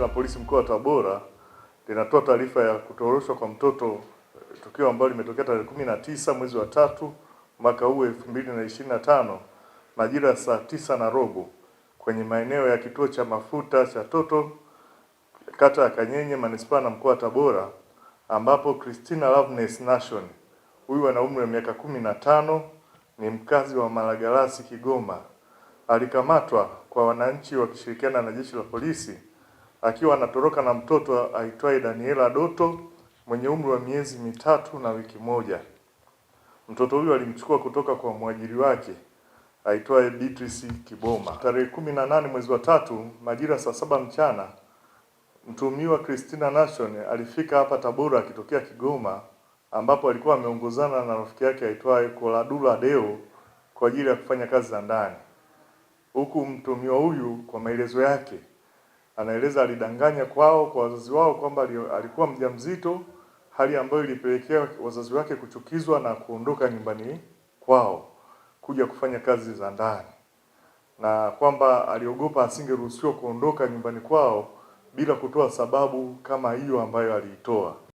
la polisi mkoa wa Tabora linatoa taarifa ya kutoroshwa kwa mtoto, eh, tukio ambalo limetokea tarehe kumi na tisa mwezi wa tatu mwaka huu elfu mbili na ishirini na tano majira ya saa tisa na robo kwenye maeneo ya kituo cha mafuta cha Toto kata ya Kanyenye manispaa na mkoa wa Tabora ambapo Christina Loveness Nation huyu ana umri wa miaka kumi na tano ni mkazi wa Malagarasi Kigoma alikamatwa kwa wananchi wakishirikiana na jeshi la polisi akiwa anatoroka na mtoto aitwaye Daniela Doto mwenye umri wa miezi mitatu na wiki moja. Mtoto huyu alimchukua kutoka kwa mwajiri wake aitwaye Beatrice Kiboma. Tarehe kumi na nane mwezi wa tatu majira saa saba mchana mtuhumiwa Christina Nation alifika hapa Tabora akitokea Kigoma ambapo alikuwa ameongozana na rafiki yake aitwaye Koladula Deo kwa ajili ya kufanya kazi za ndani, huku mtuhumiwa huyu kwa maelezo yake anaeleza alidanganya kwao kwa wazazi wao kwamba alikuwa mjamzito, hali ambayo ilipelekea wazazi wake kuchukizwa na kuondoka nyumbani kwao kuja kufanya kazi za ndani, na kwamba aliogopa asingeruhusiwa kuondoka nyumbani kwao bila kutoa sababu kama hiyo ambayo aliitoa.